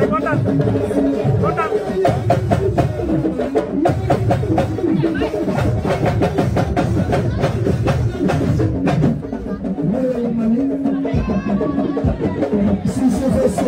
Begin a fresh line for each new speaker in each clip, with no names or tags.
Kontaan kontaan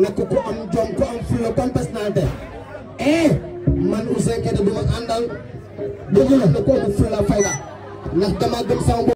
nekk ku am jom ku am fulla ku am eh, man
Ouzin Keita du ma àndal dëgg la ne fayda ndax dama gëm sama